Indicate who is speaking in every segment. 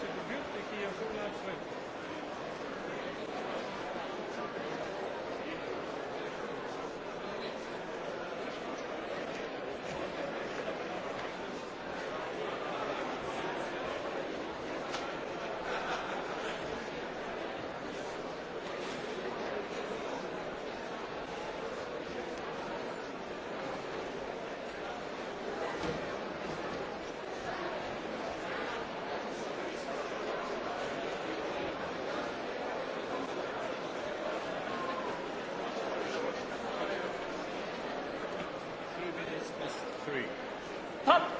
Speaker 1: ze gebeurt, ik hier zo laat weg.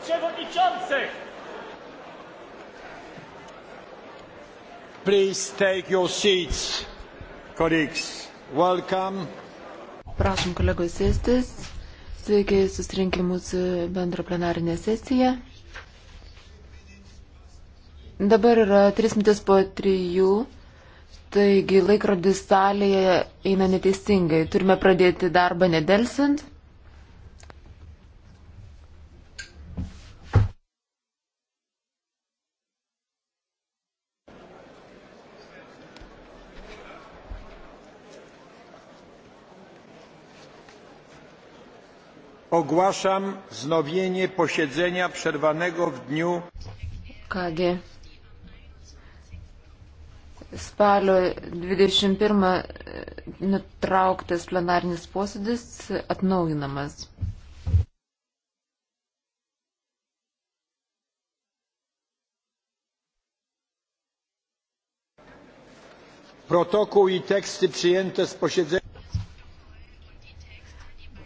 Speaker 1: przewodniczących! Please take your seats, colleagues. Welcome. Prašom kolegos sėstis. Sveiki susirinkę mūsų bendro plenarinę sesiją. Dabar yra 3 minutės po 3, taigi laikrodis salėje eina neteisingai. Turime pradėti darbą nedelsint. Ogłaszam wznowienie posiedzenia przerwanego w dniu. Kągi. Spalio 21 e, nutrauktas plenarinis posėdis atnaujinamas. Protokół i teksty przyjęte z posiedzenia.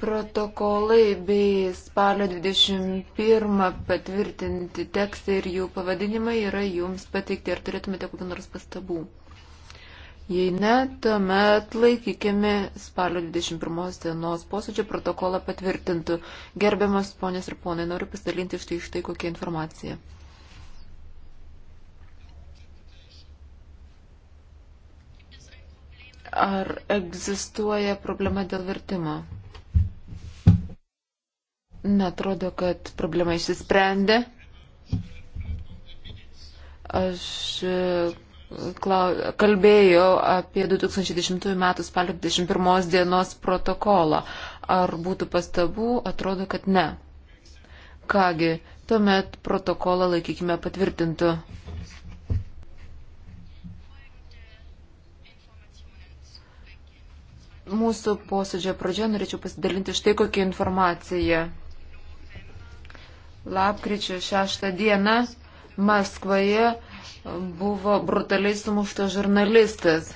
Speaker 1: Protokolai bei spalio 21 patvirtinti tekstai ir jų pavadinimai yra jums pateikti. Ar turėtumėte kokių nors pastabų? Jei ne, tuomet laikykime spalio 21 dienos posėdžio protokolą patvirtintų. Gerbiamas ponės ir ponai, noriu pasidalinti štai štai kokią informaciją. Ar egzistuoja problema dėl vertimo? Netrodo, kad problema išsisprendė. Aš e, kalbėjau apie 2010 m. spalio 21 dienos protokolą. Ar būtų pastabų? Atrodo, kad ne. Kągi, tuomet protokolą laikykime patvirtintų. Mūsų posėdžio pradžioje norėčiau pasidalinti štai kokią informaciją lapkričio 6 dieną Maskvoje buvo brutaliai sumuštas žurnalistas.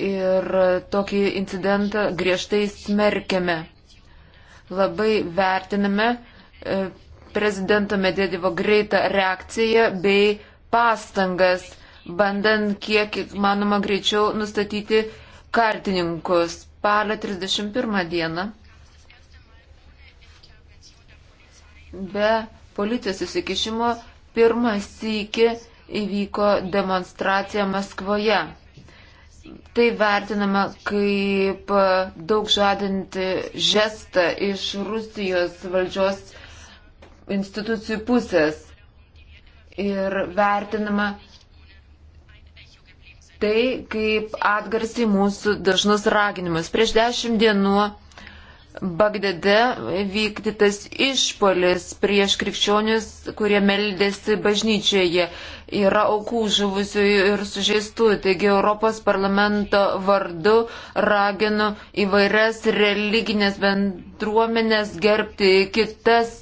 Speaker 1: Ir tokį incidentą griežtai smerkėme. Labai vertiname e, prezidento Medvedevo greitą reakciją bei pastangas, bandant kiek manoma greičiau nustatyti kaltininkus. Spalio 31 dieną be policijos įsikišimo pirmas iki įvyko demonstracija Maskvoje. Tai vertinama kaip daug žadinti žestą iš Rusijos valdžios institucijų pusės. Ir vertinama tai kaip atgarsiai mūsų dažnus raginimus. Prieš dešimt dienų Bagdade vykdytas išpolis prieš krikščionius, kurie meldėsi bažnyčioje. Yra aukų žuvusių ir sužeistų. Taigi Europos parlamento vardu raginu įvairias religinės bendruomenės gerbti kitas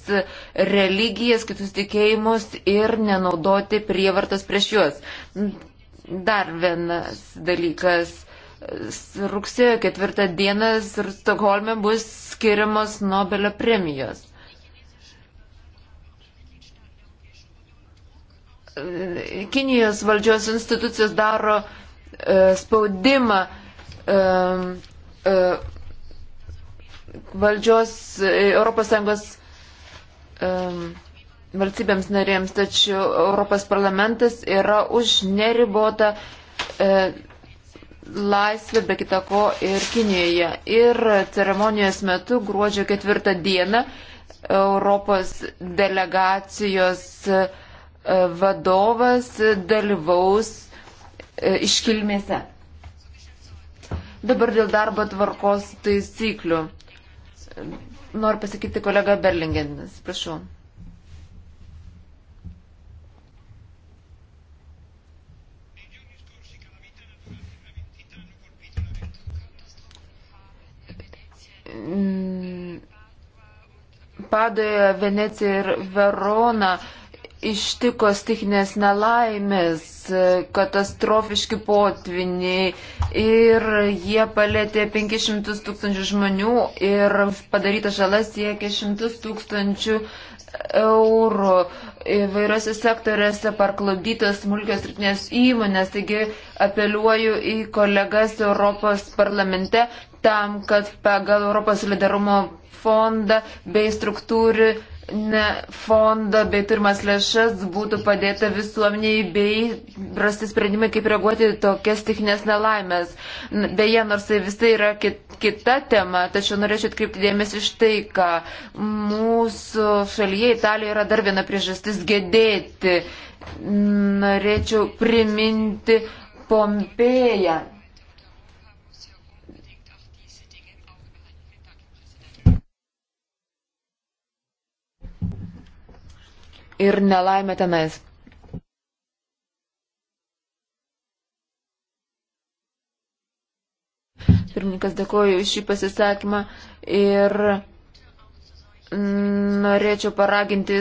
Speaker 1: religijas, kitus tikėjimus ir nenaudoti prievartos prieš juos. Dar vienas dalykas rugsėjo ketvirtą dieną ir Stokholme bus skiriamos Nobelio premijos. Kinijos valdžios institucijos daro e, spaudimą e, e, valdžios ES e, valstybėms narėms, tačiau Europos parlamentas yra už neribotą e, laisvę, be kita ko, ir Kinijoje. Ir ceremonijos metu gruodžio ketvirtą dieną Europos delegacijos e, vadovas dalyvaus e, iškilmėse. Dabar dėl darbo tvarkos taisyklių. Noriu pasakyti kolega Berlingenis, prašau. Mm, Padoje, Venecija ir Verona ištiko stikinės nelaimės, katastrofiški potviniai ir jie palėtė 500 tūkstančių žmonių ir padaryta žala siekia 100 tūkstančių eurų. Įvairiose sektoriuose parklaudytos smulkios rytinės įmonės, taigi apeliuoju į kolegas Europos parlamente tam, kad pagal Europos solidarumo fondą bei struktūrį fondą bei turimas lėšas būtų padėta visuomeniai bei rasti sprendimai, kaip reaguoti į tokias tikinės nelaimės. Beje, nors tai visai yra kita tema, tačiau norėčiau atkreipti dėmesį iš tai, ką mūsų šalyje Italijoje yra dar viena priežastis gedėti. Norėčiau priminti Pompeją ir nelaimė tenais. Pirmininkas dėkoju iš šį pasisakymą ir norėčiau paraginti